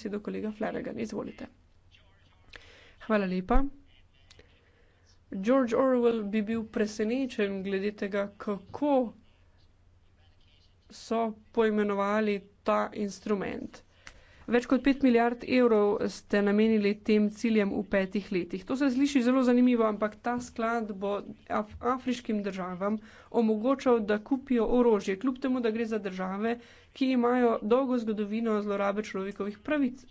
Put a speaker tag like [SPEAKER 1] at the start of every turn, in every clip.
[SPEAKER 1] besedo kolega Flanagan, izvolite. Hvala lepa. George Orwell bi bil presenečen glede tega, kako so poimenovali ta instrument. Več kot 5 milijard evrov ste namenili tem ciljem v petih letih. To se sliši zelo zanimivo, ampak ta sklad bo af afriškim državam omogočal, da kupijo orožje, kljub temu, da gre za države, ki imajo dolgo zgodovino zlorabe človekovih pravic.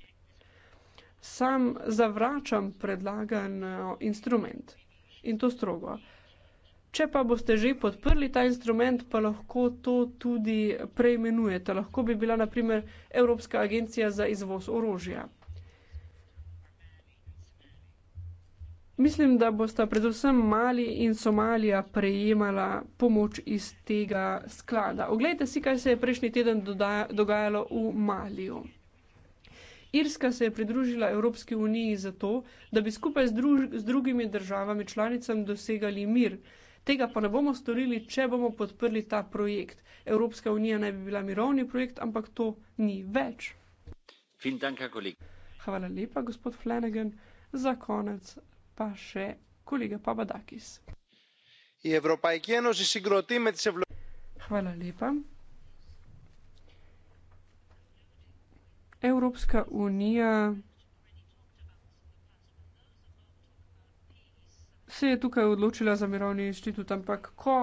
[SPEAKER 1] Sam zavračam predlagan instrument in to strogo. Če pa boste že podprli ta instrument, pa lahko to tudi preimenujete. Lahko bi bila, naprimer, Evropska agencija za izvoz orožja. Mislim, da bosta predvsem Mali in Somalija prejemala pomoč iz tega sklada. Oglejte si, kaj se je prejšnji teden doda, dogajalo v Maliju. Irska se je pridružila Evropski uniji zato, da bi skupaj z, druž, z drugimi državami članicam dosegali mir. Tega pa ne bomo storili, če bomo podprli ta projekt. Evropska unija naj bi bila mirovni projekt, ampak to ni več. Hvala lepa, gospod Flanagan. Za konec pa še kolega Papadakis. Hvala lepa. Evropska unija se je tukaj odločila za mirovni inštitut, ampak ko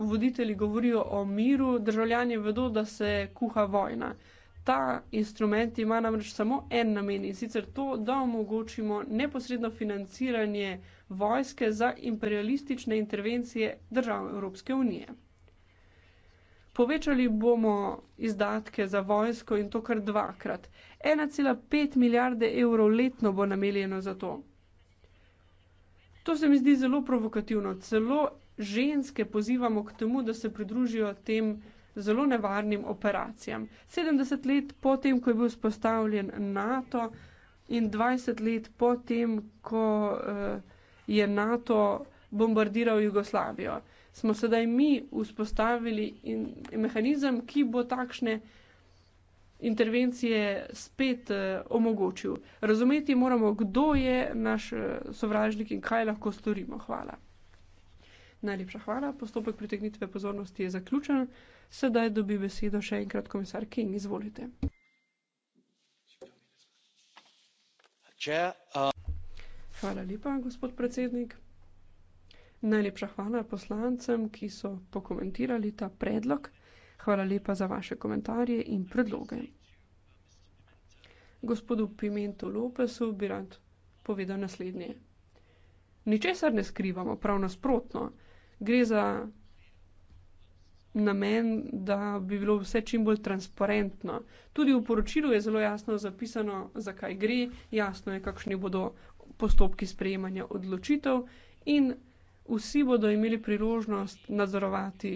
[SPEAKER 1] voditelji govorijo o miru, državljani vedo, da se kuha vojna. Ta instrument ima namreč samo en namen in sicer to, da omogočimo neposredno financiranje vojske za imperialistične intervencije držav Evropske unije. Povečali bomo izdatke za vojsko in to kar dvakrat. 1,5 milijarde evrov letno bo namenjeno za to. To se mi zdi zelo provokativno. Celo ženske pozivamo k temu, da se pridružijo tem zelo nevarnim operacijam. 70 let po tem, ko je bil spostavljen NATO in 20 let po tem, ko uh, je NATO bombardiral Jugoslavijo, smo sedaj mi vzpostavili in, in mehanizem, ki bo takšne intervencije spet eh, omogočil. Razumeti moramo, kdo je naš eh, sovražnik in kaj lahko storimo. Hvala. Najlepša hvala. Postopek pritegnitve pozornosti je zaključen. Sedaj dobi besedo še enkrat komisar King. Izvolite. Uh, hvala lepa, gospod predsednik. Najlepša hvala poslancem, ki so pokomentirali ta predlog. Hvala lepa za vaše komentarje in predloge. Gospodu Pimentu Lopesu bi rad povedal naslednje. Ničesar ne skrivamo, prav nasprotno. Gre za namen, da bi bilo vse čim bolj transparentno. Tudi v poročilu je zelo jasno zapisano, zakaj gre, jasno je, kakšni bodo postopki sprejemanja odločitev in vsi bodo imeli priložnost nadzorovati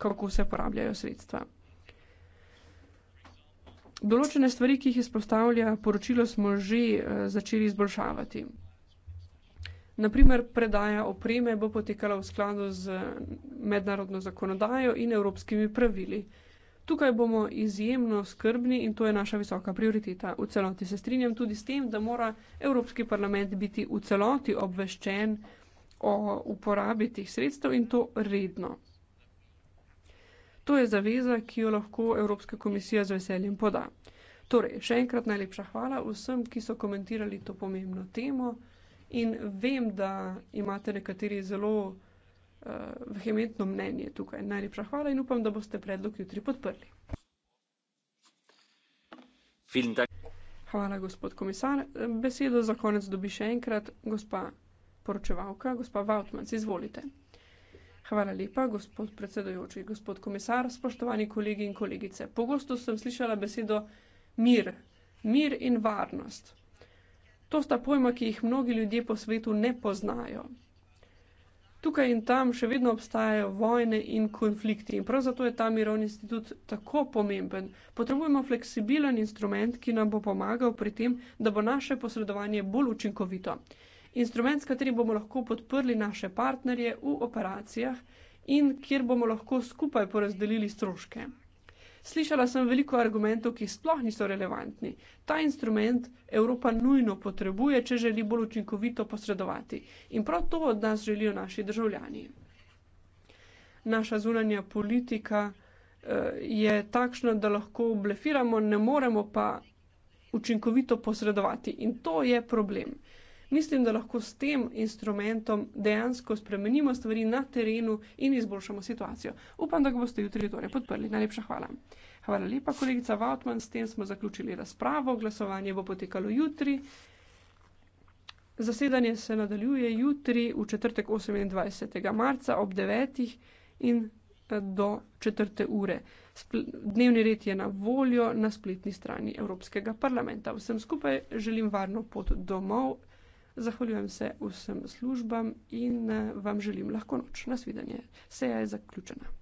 [SPEAKER 1] kako se porabljajo sredstva. Določene stvari, ki jih izpostavlja poročilo, smo že uh, začeli izboljšavati. Naprimer, predaja opreme bo potekala v skladu z mednarodno zakonodajo in evropskimi pravili. Tukaj bomo izjemno skrbni in to je naša visoka prioriteta. V celoti se strinjam tudi s tem, da mora Evropski parlament biti v celoti obveščen o uporabi teh sredstev in to redno. To je zaveza, ki jo lahko Evropska komisija z veseljem poda. Torej, še enkrat najlepša hvala vsem, ki so komentirali to pomembno temo in vem, da imate nekateri zelo uh, vehementno mnenje tukaj. Najlepša hvala in upam, da boste predlog jutri podprli. Hvala, gospod komisar. Besedo za konec dobi še enkrat gospa poročevalka, gospa Vautmans. Izvolite. Hvala lepa, gospod predsedojoči, gospod komisar, spoštovani kolegi in kolegice. Pogosto sem slišala besedo mir, mir in varnost. To sta pojma, ki jih mnogi ljudje po svetu ne poznajo. Tukaj in tam še vedno obstajajo vojne in konflikti in prav zato je ta mirovni institut tako pomemben. Potrebujemo fleksibilen instrument, ki nam bo pomagal pri tem, da bo naše posredovanje bolj učinkovito instrument, s katerim bomo lahko podprli naše partnerje v operacijah in kjer bomo lahko skupaj porazdelili stroške. Slišala sem veliko argumentov, ki sploh niso relevantni. Ta instrument Evropa nujno potrebuje, če želi bolj učinkovito posredovati. In prav to od nas želijo naši državljani. Naša zunanja politika eh, je takšna, da lahko blefiramo, ne moremo pa učinkovito posredovati. In to je problem mislim, da lahko s tem instrumentom dejansko spremenimo stvari na terenu in izboljšamo situacijo. Upam, da ga boste jutri torej podprli. Najlepša hvala. Hvala lepa, kolegica Vautman. S tem smo zaključili razpravo. Glasovanje bo potekalo jutri. Zasedanje se nadaljuje jutri v četrtek 28. marca ob 9. in eh, do 4. ure. Dnevni red je na voljo na spletni strani Evropskega parlamenta. Vsem skupaj želim varno pot domov. Zahvaljujem se vsem službam in eh, vam želim lahko noč. Nasvidenje. Seja je zaključena.